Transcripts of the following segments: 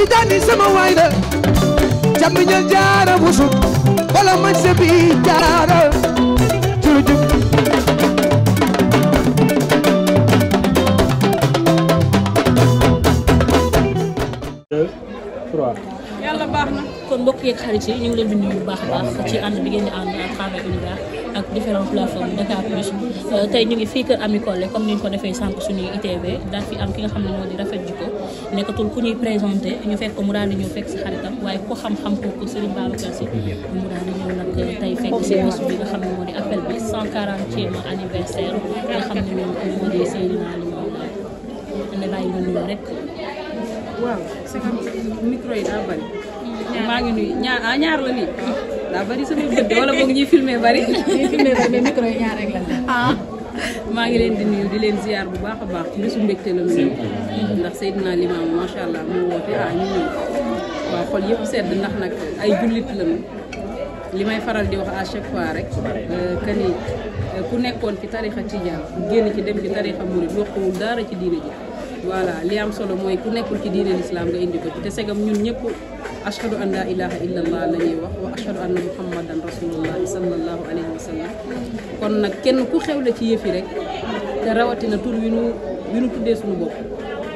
tijani sama waay la jambi ñal jaara busu wala man se bi jaara jurujub yàlla baax na kon mbokk yeeg xarit yi ñu ngi leen di nuyu bu baax a baax ci ànd bi ngeen di ànd à travers Univers ak différentes plateformes Dakar Plus euh, tey ñu ngi fii kër Ami Collé comme ni ñu ko defee sànq suñuy ITV daal fi am ki nga xam ne moo di rafet jiko nekkatul ku ñuy présenté ñu fekk ko mu daal di ñëw fekk si xaritam waaye ku xam-xam kooku Serigne Babacar Sy mu euh, si bés bi nga xam ne moo di appel bi cent quarantième anniversaire nga xam ne moo di Seydina Limamou Laye ne maa ngi nuyu ñaar ah, ñaar la nii daa bari sama bët wala boog ñuy filmé bari. ñuy filmé bari mais rek la. Ah. maa ngi leen di nuyu di leen ziar bu baax a baax ci bisu mbégte la nuyu. ndax Seydina Limaam macha allah mu woote ah ñu ñëw. waaw xol yëpp sedd ndax nag ay jullit lañu li may faral di wax à chaque fois rek euh, que euh, ku nekkoon ci tarixa tijaan génn ci dem ci tarixa murid yokkuwul dara ci diine ji. voilà li am solo mooy ku nekkul ci diine l'islam nga indi ko te segam ñun ñëpp. ashhadu an laa ilaha illa allah la ñuy wax wa ashhadu anna muhammadan rasulullahi sallallahu alayhi wa sallam kon nag kenn ku xewle ci yëf yi rek te rawatina tur wi nu wi tuddee suñu bopp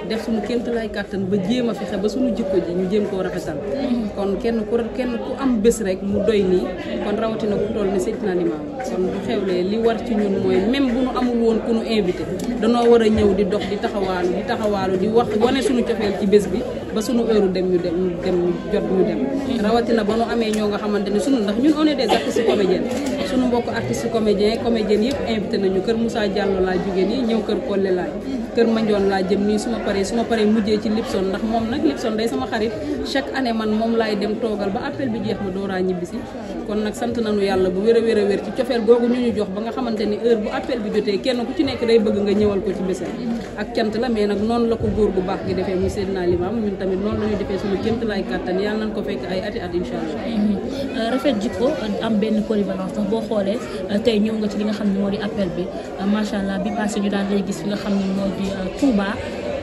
def suñu kémt lay ba jéem a fexe ba suñu jikko ji ñu jéem koo rafetal kon kenn ku kenn ku am bés rek mu doy nii kon rawatina ku toll ni Seydina Limaamu kon bu xewlee li war ci ñun mooy même bu nu amul woon ku nu invité danoo war a ñëw di dox di taxawaalu di taxawaalu di wax wane suñu cofeel ci bés bi ba sunu heure dem ñu dem ñu dem jot ñu dem rawatina ba nu amee ñoo nga xamante ne sunu ndax ñun on est des artistes comédiens sunu mbokk artiste comédien comédienne yëpp invité nañu kër Moussa Diallo nag sant nañu yàlla bu wér a wér a wér ci cofeel googu ñu ñu jox ba nga xamante heure bu appel bi jotee kenn ku ci nekk day bëgg nga ñëwal ko ci bésam ak cant la mais nag noonu la ko góor gu baax gi defee muy Seydina Limaam ñun tamit noonu la ñuy defee suñu kémt laay kàttan yàlla nañ ko fekk ay ati at incha xoolee euh, tey ñëw nga ci li nga xam ne moo di appel bi euh, macha allah bi passé ñu daal lay gis fi nga xam ne moo di euh, Touba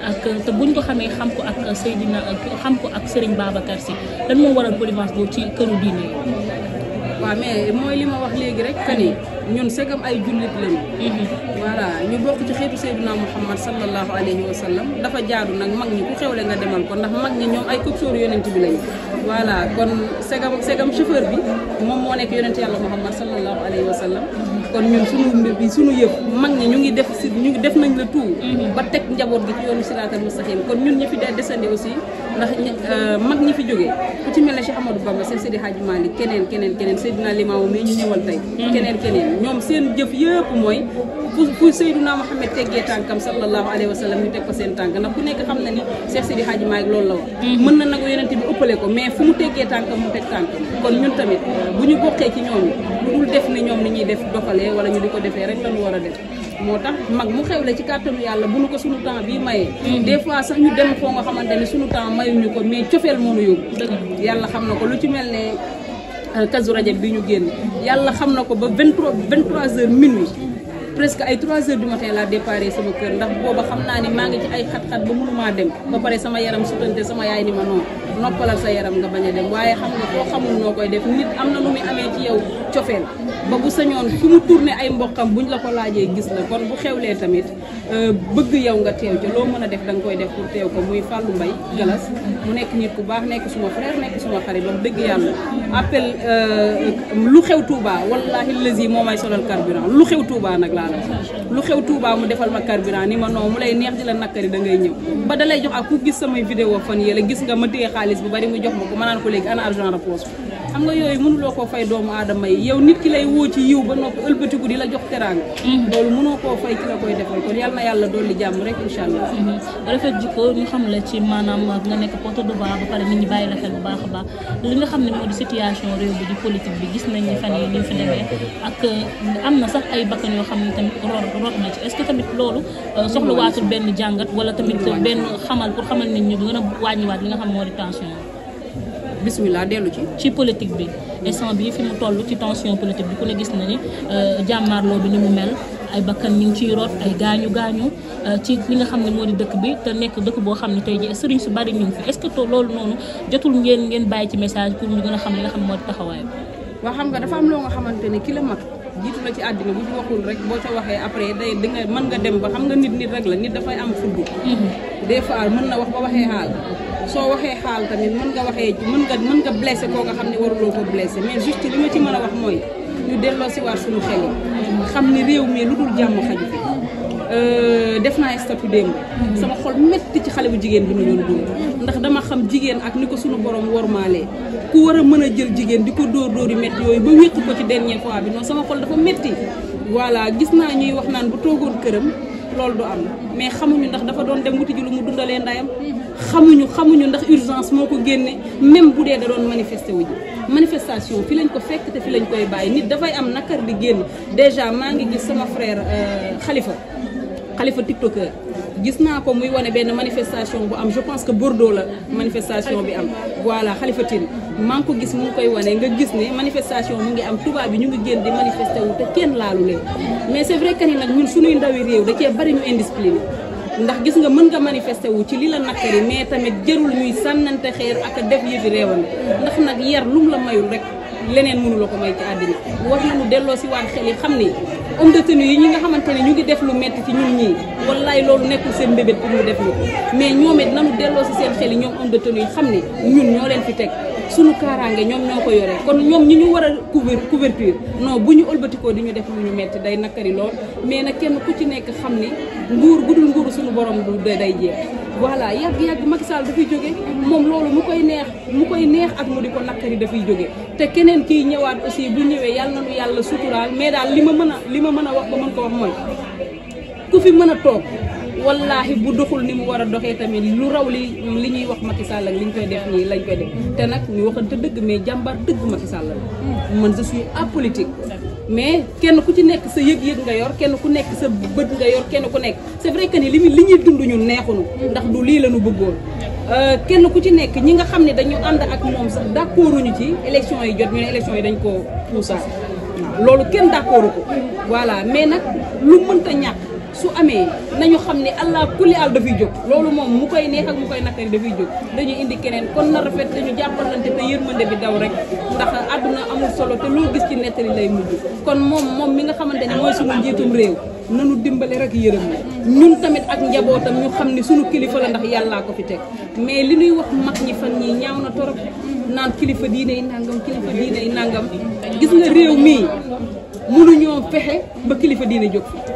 ak te ñu ko xamee xam ko ak Seydina xam ko ak Serigne Babacar si lan moo waral polyvalence boobu ci këru diine yi. waaw mais mooy li ma wax léegi rek que ni ñun segam ay jullit lañu. Mhm. voilà ñu bokk ci xeetu Seydina Muhammad sallallahu alayhi wa sallam dafa jaadu nag mag ñi ku xewle nga demal ko ndax mag ñi ñoom ay coxeur yonent bi lañu. voilà kon segam segam chauffeur bi moom moo nekk yonent yàlla Muhammad sallallahu alayhi wa sallam kon ñun suñu mbir bi suñu yëf mag ñi ñu ngi def si ñu def nañ la tout mhm. ba teg njaboot gi ci yoonu siraatal mustaqim kon ñun ñi fi desandi aussi ndax euh, mag ñi fi jógee ku ci mel ne Cheikh Amadou Bamba Cheikh Seydi Hadji Malick keneen keneen keneen sedd Seydina Limamou mais ñu ñëwal tey hmm. keneen keneen ñoom seen jëf yëpp mooy fu fu Seydina Mouhamed teggee tànkam sallallahu alayhi wa sallam ñu teg ko seen tànk ndax ku nekk xam na ni Cheikh Seydi Hadji Malick loolu la wax hmm. mën na nag yonente bi ëppale ko mais fu mu teggee tànkam mu teg tànk kon ñun tamit bu ñu bokkee ci ñoom lu dul def ni ñoom ni ñuy def doxalee wala ñu di ko defee rek lañu war a def moo tax mag mu xew la ci kàttanu yàlla bu nu ko sunu temps bii mayee des fois sax ñu dem foo nga xamante ne sunu temps mayuñu ko mais cofeel moo nu yóbbu yàlla xam na ko lu ci mel ne euh, kazu rajab bi ñu génn yàlla xam na ko ba vingt trois vingt trois heures minuit presque ay 3 heures du matin laa déparé sama kër ndax booba xam naa ni maa ngi ci ay xat-xat ba maa dem ba pare sama yaram sutante sama yaay ni ma noonu noppalal sa yaram nga bañ a dem waaye xam nga koo xamul noo koy def nit am na nu muy amee ci yow cofeel ba bu sañoon fu mu turne ay bu ñu la ko laajee gis la kon bu xew lee tamit euh, bëgg yow nga teew ca loo mën a def da nga koy def pour teew ko muy Fallou Mbaye Galas mu nekk nit ku baax nekk suma frère nekk suma xarit wax dëgg yàlla appel euh, lu xew Touba wallahi lazi moom may solal carburant lu xew tuubaa nag laa la lu xew Touba mu defal ma carburant ni ma non mu lay neex di la nakkari da ngay ñëw ba da lay jox ak ku gis samay vidéo fan yële gis nga ma téye xaalis bu bari mu jox ma ko ma naan ko léegi ana argent de poche xam nga yooyu mënuloo koo fay doomu aadama yi yow nit ki lay woo ci yiw ba noppi ëlbatiku di la jox teraanga mhm. loolu mënoo koo fay ci la koy defal kon na yàlla dolli jàmm rek incha allah mhm. rafet jikko ñu xam la ci maanaam nga nekk porte de voix ba pare nit ñi bàyyi la xel bu baax a baax li nga xam ne moo di situation réew bi di politique bi gis nañ ne yi ñu fi demee ak euh, am na sax ay bakkan yoo xam ne tamit rot na ci est-ce que tamit loolu euh, soxla waatul benn jàngat wala tamit benn xamal pour xamal nit ñi bu gën wàññiwaat li nga xam ne moo di tension bisimilah dellu ci. ci politique bi instant bi fi mu toll ci tension politique bi ku ne gis na ni euh, jàmmaarloo bi ni mu mel ay bakkan ñu ngi ciy root ay gaañu gaañu euh, ci li nga xam ne moo di dëkk bi te nekk dëkk boo xam ne tey jii sëriñ su bari ñu ngi fi est-ce que to loolu noonu jotul ngeen ngeen bàyyi ci message pour a xam li nga xam ne moo di taxawaay. dafa am loo nga xamante ne ki la mag jiitu la ci àddina bu ci waxul rek boo ca waxee après day di nga mën nga dem ba xam nga nit nit rek la nit dafay am fudd mhm. des fois mën na wax ba waxee xaal soo waxee xaal tamit mën nga waxee mën nga mën nga blessé koo nga xam ne waruloo ko blessé mais juste li ma ci mën a wax mooy ñu delloo si waat suñu xel yi mhm. xam ni réew mi lu dul jàmm xaju fi Euh, def naa statut démb sama xol métti ci xale bu jigéen bi nu doon dund ndax dama xam jigéen ak ni ko suñu borom wormaalee ku war a mën a jël jigéen di ko dóor dóori métti yooyu ba wéqi ko ci dernière fois bi noonu sama xol dafa metti voilà gis naa ñuy wax naan bu toogoon këram loolu du am mais xamuñu ndax dafa doon dem wuti ji lu mu dundalee ndayam xamuñu xamuñu ndax urgence moo ko génne même bu dee da doon manifester wu ji manifestation fi lañ ko fekk te lañ koy bàyyi nit dafay am nakar di génn déjà maa ngi sama frère euh, Khalifa xalifa tiktokeur gis naa ko muy wone benn manifestation bu am je pense que Bordeaux la manifestation bi am voilà xalifa tin maa ngi ko gis mu ngi koy wane nga gis ni manifestation mu ngi am tubaab bi ñu ngi génn di manifester te kenn laalu leen mais c'est vrai que ni nag ñun suñuy ndawi réew da cee bari ñu indiscipliné ndax gis nga mën nga manifester wu ci li la nakkari mais tamit jërul ñuy sànnante xeer ak a def yëfi réewam ndax nag yar lum la mayul rek leneen mënu ko may ci àddina war nañu si waat xel xam ni homme de tenue yi ñi nga xamante ne ñu ngi def lu metti ci ñun ñii wallaay loolu nekkul seen mbébét pour ñu def lu mais ñoom it nanu delloo si seen xel yi ñoom homme de tenue yi xam ni ñun ñoo leen fi teg suñu kaaraange ñoom ñoo ko yore kon ñoom ñi ñu war a couvrir couverture non bu ñu ëlbatikoo di ñu def lu ñu metti day nakari lool mais nag kenn ku ci nekk xam ni nguur bu dul nguuru suñu borom bu day jeex voilà yàgg-yàgg Macky Sall dafay jóge moom loolu mu koy neex mu koy neex ak mu di ko nakkari dafay jóge te keneen kiy ñëwaat aussi bu ñëwee yàlla na nu yàlla suturaal mais daal li ma mën a li ma mën a wax ba mën ko wax mooy ku fi mën a toog wallaahi bu doxul ni mu war a doxee tamit lu raw li li ñuy wax Macky Sall ak koy def nii lañ koy def te nag ñu waxante dëgg mais jàmbaar dëgg Macky Sall la mm. man je suis apolitique mais kenn ku ci nekk sa yëg-yëg nga yor kenn ku nekk sa bët nga yor kenn ku nekk c'est vrai que ni li li ñuy dunduñu ñun neexuñu ndax du lii la ñu bëggoon euh, kenn ku ci nekk ñi nga xam ne dañu ànd ak moom sax d'accorduñu ci élection yi jot ñu ne élection yi dañ ko koo puusaat loolu kenn d'accordu ko voilà mais nag lu mënta ñàkk su amee na ñu xam ne allah kulli àll dafay jóg loolu moom mu koy neex ak mu koy naqari dafay jóg dañu indi keneen kon na rafet dañu jàppalante te yërmande bi daw rek ndax àdduna amul solo te loo gis ci nettali lay mujj kon moom moom mi nga xamante ne mooy suñu njiitum réew nu dimbali rek yërëm na ñun tamit ak njabootam ñu xam ne suñu kilifa la ndax yàllaa ko fi teg mais li ñuy wax mag ñi fan ñii ñaaw na torop naan kilifa diine yi nangam kilifa diine yi nangam gis nga réew mii mënuñoo fexe ba kilifa diine jóg fi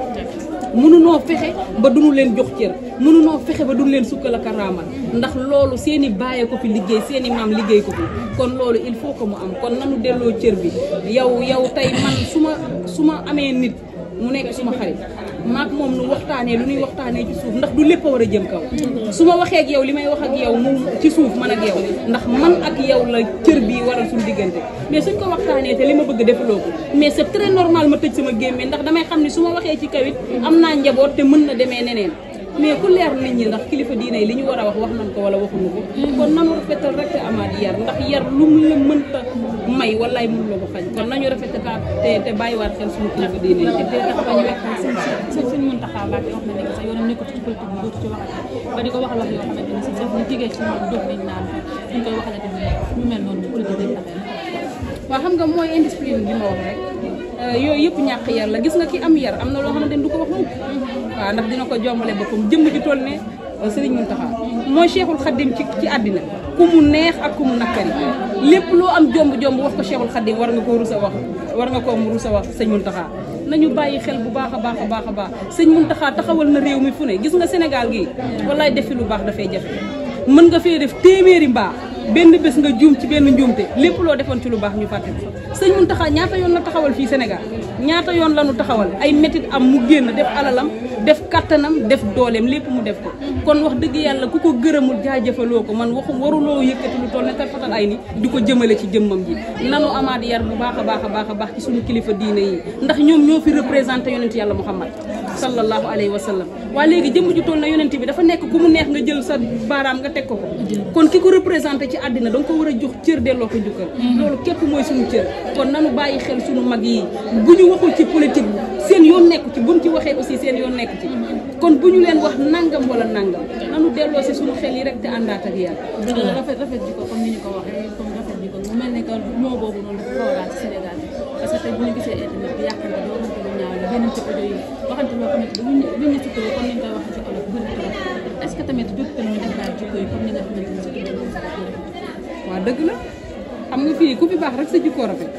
mënunoo fexe ba duñu leen jox cër mënunoo fexe ba duñu leen sukkal ak raamal ndax loolu seen i bàyyee ko fi liggéey seen i maam liggéey ko fi kon loolu il faut que mu am kon nanu delloo cër bi yow yow tey man su ma su ma amee nit mu nekk suma xarit maak moom nu waxtaanee lu ñuy waxtaanee ci suuf ndax du lépp a war a jëm kaw su ma waxee ak yow li may wax ak yow mu ci suuf man ak yow ndax man ak yow la cër bii waral su diggante mais suñ ko waxtaanee te li ma bëgg defaloo ko mais c'est très normal ma tëj sama gémmee ndax damay xam ni su ma waxee ci kawit am naa njaboot te mën na demee neneen mais ku leer nit ñi ndax kilifa diine yi li ñu war a wax wax nañ ko wala waxuñu ko. Mm-hmm. kon nanu rafetal rek te amaat yar ndax yar lu mu la mënta may walaay mënu la ko xañ kon nañu rafetal te te bàyyiwaat xel suñu kilifa diine yi. te a wax sëñ sëñ Mountakha Mbacké wax na dëgg sax yoonam nekkatu ci politique bi dootu ci waxati ba di ko wax wax yoo xamante ni si sax bu jigee ci moom dox nañ naan fi ñu koy waxalati ñu mel noonu politique bi amee. waaw xam nga mooy indiscipline bi ma wax rek. Euh, yooyu yëpp ñàkk yar la gis nga ki am yar am na loo xamante ni du ko wax mukk waaw ndax dina ko jombale boppam jëmm ji toll ne euh, sëriñ Muntaxa mooy cheikhul xadim ci ci àddina ku mu neex ak ku mu nakkari lépp loo am jomb-jomb wax ko cheikhul xadim war nga koo rusa wax war nga koo mu rusa wax sëñ Muntaxa nañu bàyyi xel bu baax a baax a baax a baax sëñ Muntaxa taxawal na réew mi fu ne gis nga Sénégal gii wallaay defi lu baax dafay jafe mën nga fee def téeméeri mbaax benn bés nga juum ci benn njuumte lépp loo defoon ci lu baax ñu fàtte ko sëñ taxa ñaata yoon la taxawal fii Sénégal ñaata yoon la nu taxawal ay métit am mu génn def alalam def kattanam def dooleem lépp mu def ko kon wax dëgg yàlla ku ko gërëmul jaajëfaloo ko man waxu waruloo yëkkati lu toll ne tar fatal ay ni di ko jëmale ci jëmmam ji nanu amaat yar bu baax a baax a baax a baax ci suñu kilifa diine yi ndax ñoom ñoo fi représenté yonent yàlla Muhammad sallallahu alayhi wa sallam waa léegi jëmm ju toll na yonent bi dafa nekk ku mu neex nga jël sa baaraam nga teg ko ko kon ki ko représenté ci àddina danga ko war a jox cër delloo ko jukkal mhm. loolu képp mooy suñu cër kon nanu bàyyi xel suñu mag yi bu ñu waxul ci politique seen yoon nekku ci buñ ci waxee aussi seen yoon nekku ci kon bu ñu leen wax nangam wala nangam nanu delloo si suñu xel yi rek te àndaat ak yàlla rafet rafet ko comme ñu ko waxee comme rafet ji ko mu mel ne que moo parce que tey bu ñu gisee internet bi yeneen ci oto ce que tamit waaw dëgg la xam nga fii ku fi baax rek sa jikko rafet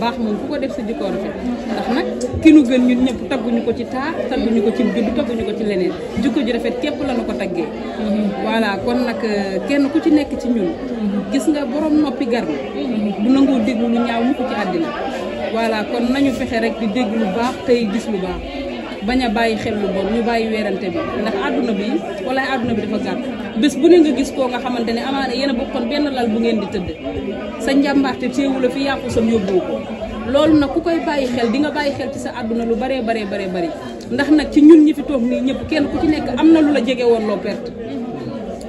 baax moom ku ko def sa jikko rafet ndax nag ki nu gën ñun ñëpp tagguñu ko ci taar tagguñu ko ci judd tagguñu ko ci leneen jikko ji rafet képp la ko taggee mm-hmm. voilà kon nag euh, kenn ku ci nekk ci ñun mm-hmm. gis nga borom noppi gar mm-hmm. bu nangoo déglu lu ñaaw ñu ko ci àddina voilà kon nañu fexe rek di dégg lu baax tey gis lu baax bañ a bàyyi xel lu bon ñu bàyyi weerante bi ndax àdduna bi wala àdduna bi dafa gàtt bés bu ne nga gis koo nga xamante ne amaana yéen a bokkoon benn lal bu ngeen di tëdd sa njàmbaarte teewu la fi yàqu sam yóbboo ko loolu nag ku koy bàyyi xel di nga bàyyi xel ci sa àdduna lu baree baree baree bëri ndax nag ci ñun ñi fi toog nii ñëpp kenn ku ci nekk am na lu la jege woon loo perte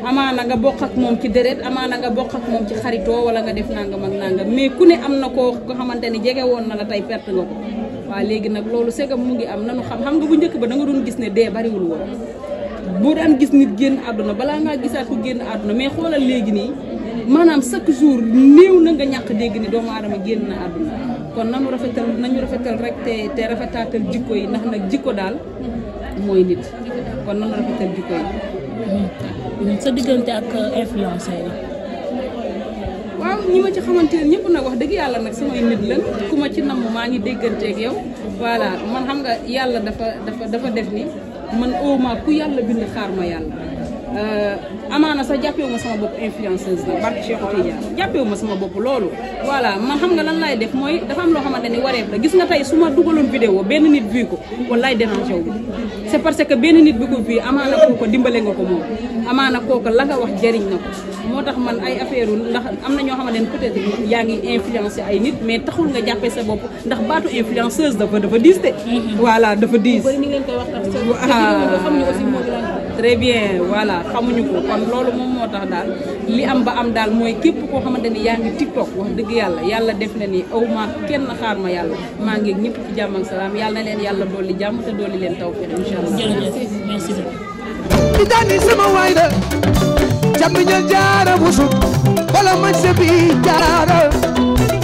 amaana nga bokk ak moom ci deret amaana nga bokk ak moom ci xaritoo wala nga def nangam ak nangam mais ku ne am na koo nga xamante ni jege woon na la tey perte nga ko waaw léegi nag loolu segam mu ngi am nanu xam xam nga bu njëkk ba da doon gis ne dee bariwul woon boo daan gis nit génn àdduna balaa ngaa gisaat ku génn àdduna mais xoolal léegi nii maanaam chaque jour néew na nga ñàkk dégg ni doomu aadama génn na àdduna kon nanu rafetal nañu rafetal rek te te rafetaatal jikko yi ndax nag jikko daal mooy nit kon nanu rafetal jikko sa diggante ak influenceurs yi. waaw ñi ma ci xamante ne ñëpp nag wax dëgg yàlla nag samay nit lan ku ma ci namm maa ngi dégganteeg yow voilà man xam nga yàlla dafa dafa dafa def ni man au ku yàlla bind xaar ma yàlla. Euh, amaana sax jàppewu ma sama bopp influenceuse la barke Cheikh Tidiane sama bopp loolu voilà man xam nga lan laay def mooy dafa am loo xamante ne wareef gis nga tey su ma dugaloon vidéo benn nit vu ko wallaay déranger wu c'est parce que benn nit bi ko vu amaana kooku dimbale nga ko moom amaana kooku la nga wax jëriñ na ko moo tax man ay affaire ndax am na ñoo xam ne peut-être yaa ngi influencer ay nit mais taxul nga jàppee sa bopp ndax baatu influenceuse dafa dafa diis de mm-hmm. voilà dafa diis très bien voilà xamuñu ko kon loolu moom moo tax daal li am ba am daal mooy képp ko xamante ni yaa ngi tiktok wax dëgg yàlla yàlla def na ni aw ma kenn xaar ma yàlla maa ngi ñëpp ci jàmm ak salaam yàlla na leen yàlla li jàmm te dolli leen taw incha allah. jërëjëf merci beaucoup. daani sama waay la. jàmm jaara wusu. wala ma sa bi jaara.